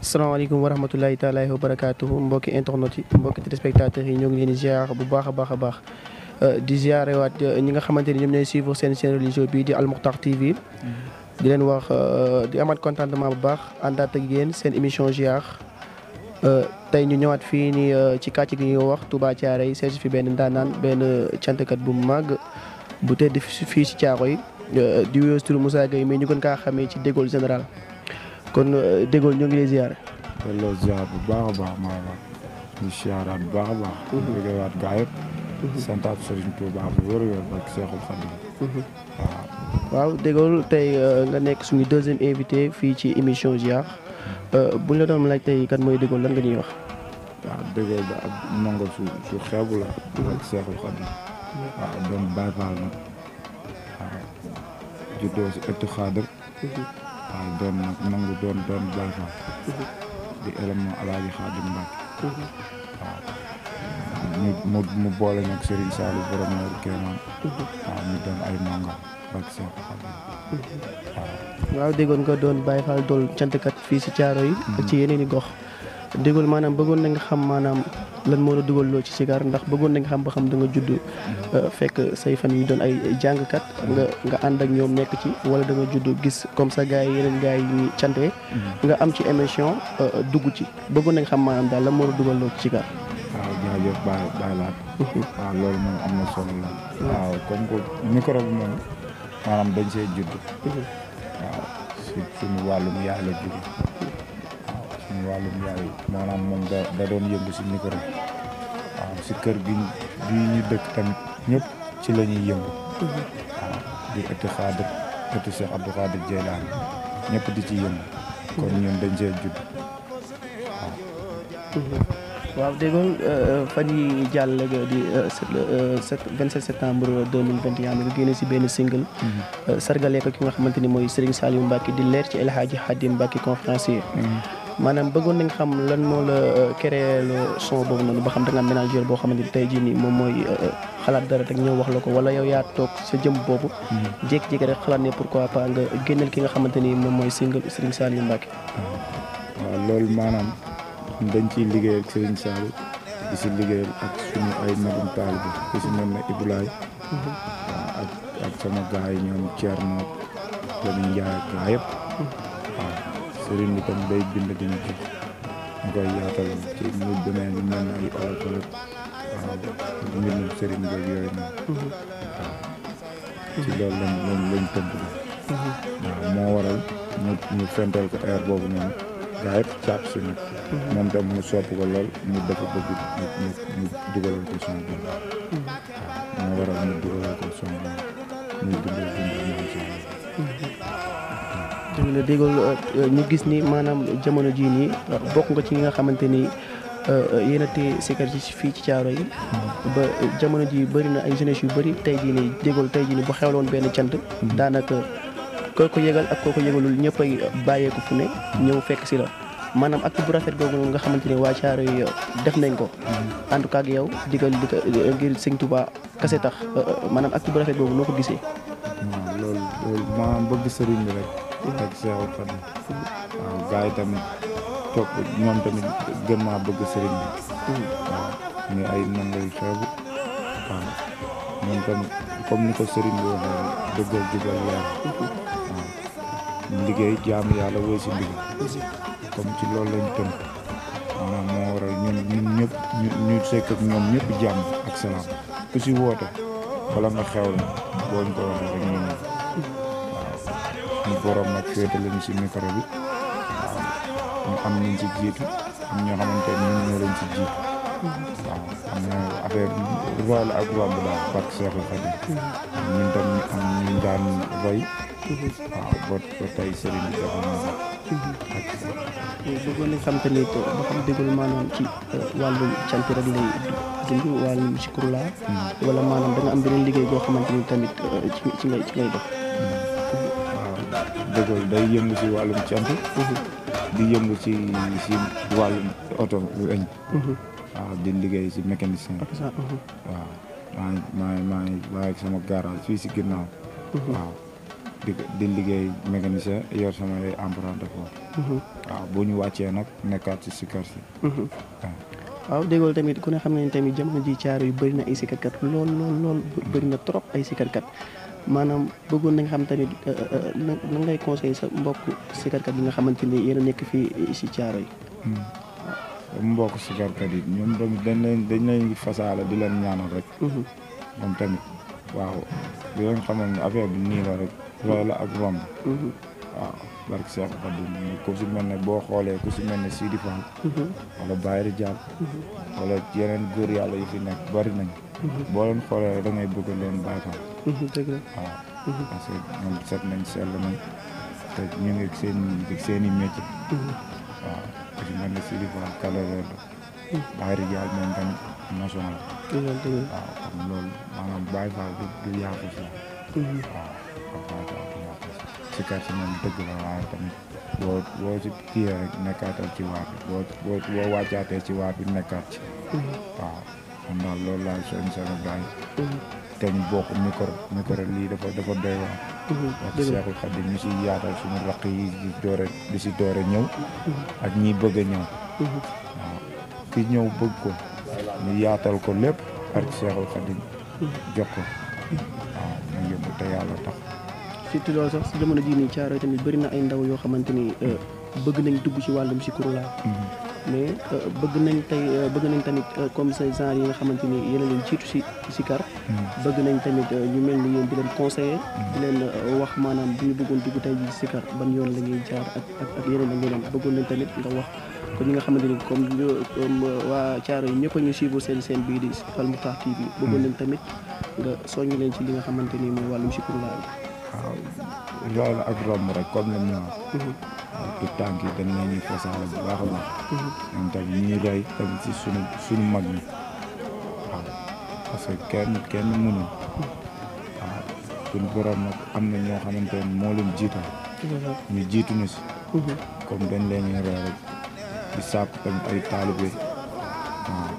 salaamaaleykum wa rahmatulahi taala wa barakaatuhu mbokki internet yi mbokki téléspectateurs yi ñoo ngi leen di bu baax a baax a baax euh, di ziarewaat euh, ñi nga xamante ni ñoom ñooy suivre seen seen religion bii di Al Moukhtar TV. Mm-hmm. di leen wax euh, di amaat contentement bu baax àndaat a yéen seen émission ziar tey ñu ñëwaat fii nii ci kàcc gi ñuy wax Touba Thiaroye seet fi benn ndaanaan benn cantkat bu màgg bu tedd fii si Thiaroye yi di wéyoo turu Moussa Gueye mais ñu gën kaa xamee ci déggoo général. kon euh, déggoo ñoo ngi lay ziar. delloo bu baax a baax maa ngi ñu ziaraat bu baax a baax. ñu ngi waat gaa yëpp. Mhm. santaat Serigne Touba bu wér wér ak Cheikhul mhm. waaw. waaw déggoo tey euh, nga nekk suñu deuxième invité fii ci émission ziar mhm. euh, bu ñu la doon laaj tey kan mooy déggoo lan nga ñuy wax. waaw déggoo ba ab nango su su xeebu la. ak Cheikhul Khadim waaw doon Baye Fall nag waaw juddoo si xaadar waaw doon nag nangu doon doon Baye mhm. di élément Alaaji Xaadim Mbàkke mhm. waaw mu mu boole nag Serigne Saliou borom Noor Kéemaan mhm. waaw ñu doon ay manga bak Seex Xaadim waaw waaw déggoon nga doon Baye Fall doon cantkat fii si caaro yi ak ci yeneen i gox déggoon maanaam bëggoon na nga xam maanaam lan moo la dugaloo ci sigaar ndax bëggoon nañ xam ba xam da nga judd euh, fekk say famille doon ay jàngkat nga nga ànd ak ñoom nekk ci wala da nga judd gis comme sa gars yi yeneen gars yi ñuy cantee mhm. nga am ci émission euh, dugg ci bëggoon nañ xam maanaam daal lan moo la dugaloo ci sigaar waaw jaajëf baay baay laat mhm. waaw loolu moom am na solo la mhm. waaw comme que microbe moom maanaam dañ see judd waaw suñu wàllum yaay la judd waaw suñu wàllum yaay maanaam moom da da doon yëngu si si kër gi bi ñu dëkk tamit ñëpp ci la ñuy yëngu mhm. waaw di ëtti xaadir ëtti Cheikh Abdou Xaadir Jeylaani ñëpp di ci yëngu kon ñun dañ see judd waaw mhm. waaw déggoon euh, fan yi jàll di euh, sept vingt euh, sept septembre deux mille génne si benn single. Mhm. sargalee ko ki nga xamante ni mooy Serigne Saliou Mbacke di leer ci El Hadji Hadim Mbacke conférencier maanaam bëggoon nga xam lan moo la euh, créé son boobu noonu ba xam da nga manager boo xamante ni tey jii nii moom mooy euh, euh, xalaat dara rek ñëw wax la ko wala yow yaa toog sa jëm boobu. Mm-hmm. jékki-jékki rek xalaat ne pourquoi pas nga génneel ki nga xamante ni moom mooy single Serigne Saliou Mbacké. Mm-hmm. waaw loolu maanaam dañ ciy liggéeyal ak Serigne di si liggéeyal ak suñu ay magum taalibe ku si mel ne Ibulaay. Mm-hmm. waaw ak sama gars yi ñoom Thierno Lamine Ndiaye yëpp. sëriñ bi tam day bind di ñu jëf koy yaatal ci ñu demee ñu mel ni ay oracle waaw mbindum sëriñ beeg yooyu noonu. waaw ci loolu lañ lañ lañ moo waral ñu ñu fental ko air boobu noonu gaa yëpp caab si nag. mu sopp ko lool mu dafa bëgg ñu dëgg la déggoon euh, ñu gis ni maanaam jamono jii nii bokk nga ci ñi nga xamante ni euh, yéen a téye sikar fii ci caaro yi. Mm-hmm. ba jamono jii bari na ay jeunesse yu bëri tey jii nii déggoon tey jii nii bu xewloon benn cant. Mm-hmm. daanaka koo yëgal ak kooku yëgalul ñëpp ay bàyyeeku fu ne ñëw fekk si la. maanaam acte bu rafet googu noonu nga xamante ne waa caaro yi euh, def nañ ko. Mm-hmm. en ak yow digal di ko ngir tax maanaam acte bu rafet ko gisee. loolu loolu maanaam di teg Seexul Xadiim waaw gars yi tamit topp ñoom tamit gën maa bëgg sëriñ bi waaw ay nangu yu xeebu waaw ñoom tamit ko sëriñ bi waxee dëggal jubal leer waaw liggéey jaamu yàlla woy si ndigal comme ci loolu lañ tënk maanaam moo waral ñun ñun ñu sekk ak ñoom ñëpp jàmm ak salaam ku si woote bala nga xew la booñ ko waxee rek ñu suñu borom nag féete leen ci micro bi waaw ñu am ñu ci jiitu am ñoo xamante ne ñun ñoo leen ci jiitu. waaw am na affaire roy la ak wàmb daal barke Seexul Xadim. ñun tam ñu am ñu daan roy. waaw ba ba tey sëriñ bi dafa ñu ba xam déggul maanaam ci euh, wàllu cant rek lay dund wàllu sikru la hmm. wala maanaam da nga am beneen liggéey goo xamante ni tamit euh, ci ci ngay def. dëggal day yëngu ci wàllum cant. di yëngu ci wàllum oto waaw di liggéey si mécanicien waaw maa ngi maa ngi maa ngi waaye sama garage fii ci ginnaaw. waaw di liggéey mécanicien yor sama ay emprunté ko. waaw bu ñu wàccee nag nekkaat ci sikar si. waaw déggool tamit ku ne xam nañ tamit jamono ji caaro yu bëri na ay sikarkat lool lool lool bëri trop ay sikarkat maanaam bëggoon nañ xam tamit euh, euh, euh, na ngay conseillé sa mbokk sikarkat yi nga xamante ni yéen nekk fii si caaro yi. Hmm. mbokk sikarkat yi ñoom tamit dañ leen dañ fasaala fasaale di leen ñaanal rek. moom mhm. tamit waaw di leen xamal ne affaire bi nii la rek roy la ak romb. Mhm. waaw barke Cheikh Khadim ku si mel ne boo xoolee ku si mel ne Sidi Fall. Mhm. wala Baye Ridial. wala yeneen góor yàlla yu fi nekk bari nañ boo leen xoolee rek da bëgg leen baaxal. Mhm, dëgg la waaw. Mhm. parce que set nañ sell nañ te ñu ngi seen seen i métier. Mhm. waaw ku ci mel ne Sidi Ba kàlla la Baari Jaal moom tamit nation la. dëgg la waaw kon loolu maanaam Baye Fall du du yàqu si. waaw kon Baye Fall du yàqu si. si dëgg la waaye tamit boo boo ci kii waat bi boo boo ci waat bi nekkaat ci. waaw. man daal loolu laay seen sama gaay te ñu bokk micro micro lii dafa dafa doy waar. Mm-hmm. ak Seexul Xadim ñu si yaatal suñu raq yi di doore di si doore ñëw. Mm-hmm. ak ñi bëgg a ñëw. Mm-hmm. waaw ki ñëw bëgg ko ñu yaatal ko lépp ak Seexul Xadim jox ko waaw ñu yóbbu te yàlla tax. surtout sax si jamono jii nii caaro tamit bari na ay ndaw yoo xamante ni euh, bëgg nañ dugg ci wàllum si kuréel mais euh, bëgg nañ tey euh, bëgg nañ tamit comme ces genre yi nga xamante ni yéen a leen jiitu si si kar hmm. bëgg nañ tamit euh, ñu mel ni yéen di leen conseiller hmm. di leen wax maanaam bu ñu bëggoon dugg tey ji si kar ban yoon la ñuy jaar ak ak ak yeneen ak yeneen bëggoon nañ tamit nga wax ko ñi nga xamante ni comme comme waa yi ñëpp a ñu suivre seen seen bii di Al Moukhtar TV bi bëggoon hmm. tamit nga soññ leen ci li nga xamante ni mooy wàllum si kurlaay waaw loolu ak romb rek comme ni ma wax. Mhm. waaw tout tànk yi dañ nañuy fasaale bu baax mhm. ñoom tamit ñuy roy tamit si sunu sunu mag ñi waaw parce kenn kenn mënul. waaw suñu borom nag am na ñoo xamante ne moo leen jiital. Mhm. ñu jiituñu ñu si. comme dañ leen roy rek di sàpp tamit ay taalibe waaw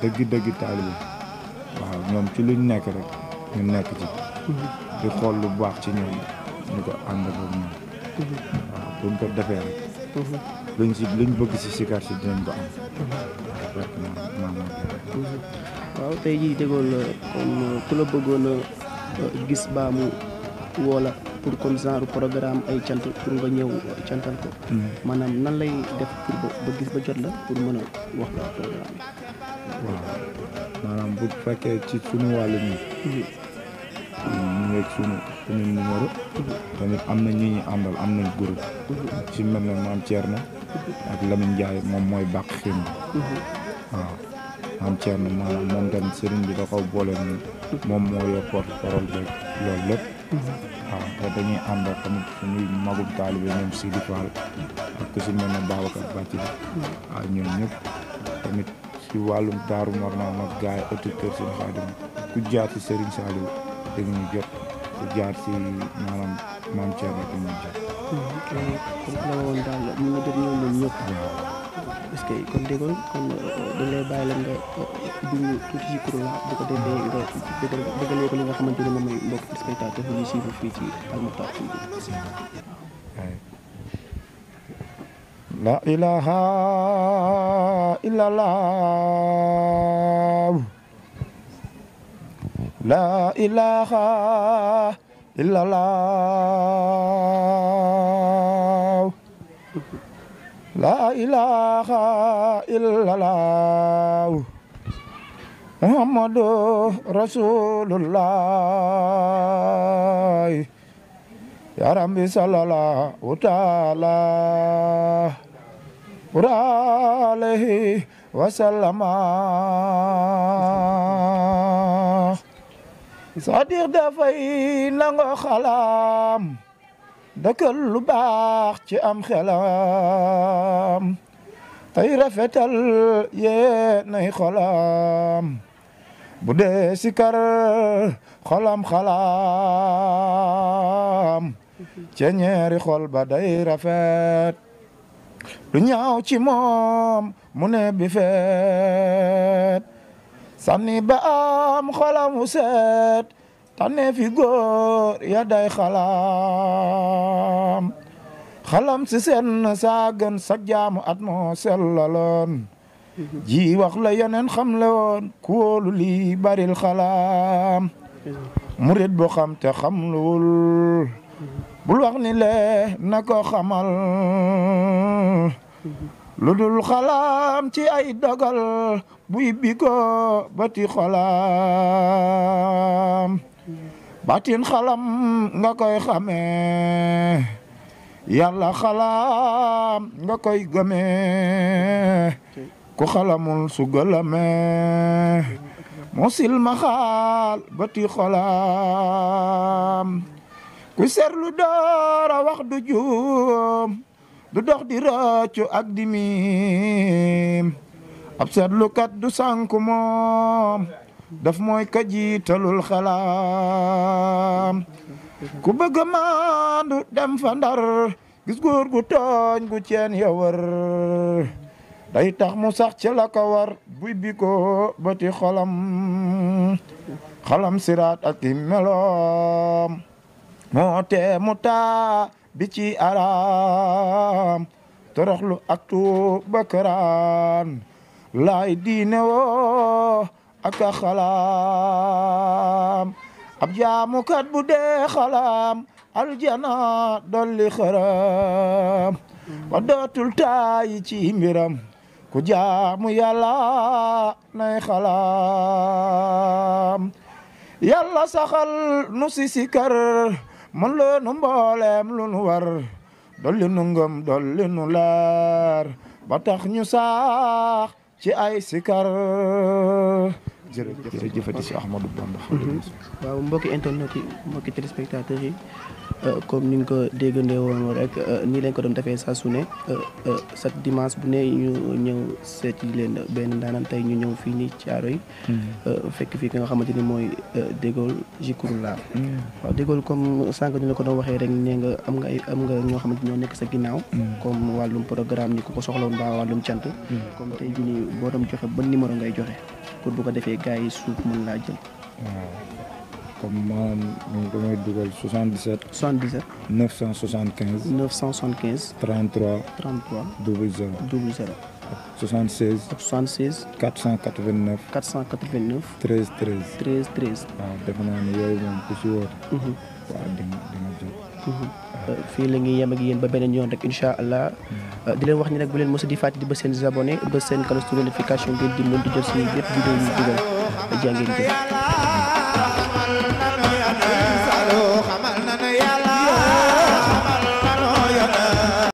dëgg dëgg taalibe waaw ñoom ci luñ nekk rek ñu nekk ci. di xool lu baax ci ñoom ñu ko ànd ak ñoom mhm. waaw ko defee rek mhm. luñ si luñ bëgg si sikar si dinañ ko am mhm. waaw tey jii dégoon la comme ku la bëggoon gis baa mu woo la pour comme genre programme ay cant pour nga ñëw cantal ko maanaam nan lay def pour ba gis ba jot la pour mën a wax la programme waaw maanaam bu fekkee ci suñu wàllu ñi ak sunu tamit numéro tamit am na ñi ñu amna am nañ groupe ci mel na maam Thierno ak Lamine Ndiaye moom mooy bàq xim waaw maam Thierno maanaam moom tamit sëriñ bi da ko boole ni moom moo yor porte parole beeg loolu lépp waaw te dañuy ànd ak tamit suñuy magum taalibe ñoom Sidi Fall ak ku si mel ne Babacar Bàcc ñoom ñëpp tamit ci wàllum daaru Marnaan ak gars yi auditeur seen ku jaatu Serigne Saliou dinañu jot jaar si maanaam maam Thierno bi ñu jot. kon la woon daal ñu ngi jot ñëw nañ ñëpp. waaw parce que kon déggoon kon euh, dañ lay bàyyi la nga bindu euh, tuuti si kuréel bu ko defee nga dëggalee ko li nga xamante ne moom mooy mbokk spectateur yi suivre fii ci Almoukhtar TV. la ilaha illallah. la ilaha illallah muhammadu rasulullah ya rabbi sallallahu taala wa Sadiq dafay nangoo xalaam dëkkal lu baax ci am xelam tey rafetal yee nay xolam bu dee sikar xolam xalaam ca ñeeri xol ba day rafet lu ñaaw ci moom mu ne bi سامي بام خلا موسات تاني في غور يا داي خلام خلام سيسن ساغن سجام اتمو سلالون جي وخلا ينن خملون كول لي بار الخلام مريد بو خام تا لا بول نكو خمال lu dul xalaam ci ay dogal buy biko bati xalaam batin xalam nga koy xamee yàlla xalaam nga koy gëmee ku xalamul su gëlamee musil ma bati xalaam ku serlu doora wax du juum du dox di rëccu ak di miim ab seetlukat du sànku moom daf mooy ka jiitalul xalaam ku bëgg a maandu dem fa ndar gis góor gu tooñ gu ceen ya wër day tax mu sax ci la ko war buy bati xolam xalam siraat ak i meloom moo tee mu taa bi ci araam toroxlu ak tuuba laay diine woo ak xalaam ab jaamukat bu dee xalaam aljana dolli xaram wa dootul taayi ci mbiram ku jaamu yàlla nay xalaam yàlla saxal nu si sikar mun loo nu mbooleem lu nu war dolli nu ngëm dolli nu leer ba tax ñu saax ci ay sikar jërëjëf jërëjëfati si Ahmadou Bamba. Mhm. waaw mbokki internet yi mbokki téléspectateurs yi euh, comme ni nga ko déggandee woon rek euh, nii lañ ko doon defee saa su ne euh, chaque dimanche bu ne ñu ñëw seet yi leen benn ndaanaan tey ñu ñëw fii nii caaro yi. Mhm. fekk fii ki nga xamante ni mooy De Gaulle Zikroulah. Mhm. waaw De Gaulle comme sànq ñu la ko doon waxee rek nee nga am nga ay am nga ñoo xamante ñoo nekk sa ginnaaw. comme wàllum programme ni ku ko soxla woon ba wàllum cant. comme tey jii nii boo doon joxe ban numéro ngay joxe. pour bu ko defee gars yi suuf mën laa jël. comme maanaam ñu damay dugal 77. 77. 975. 975. 33. 33. 00. 00. 76. 76. 489. 489. 13 13. 13 13. waaw defe naa ne yooyu moom ku si woote. Mhm. waaw di nga di nga jóg. Mhm. Euh, fii la ñuy yem ak yéen ba beneen yoon rek incha allah. Mhm. Eh, di leen wax ni nag bu leen mos di fàtte di ba seen abonné ba seen cloche notification ngeen di mën di jot suñu vidéo jëf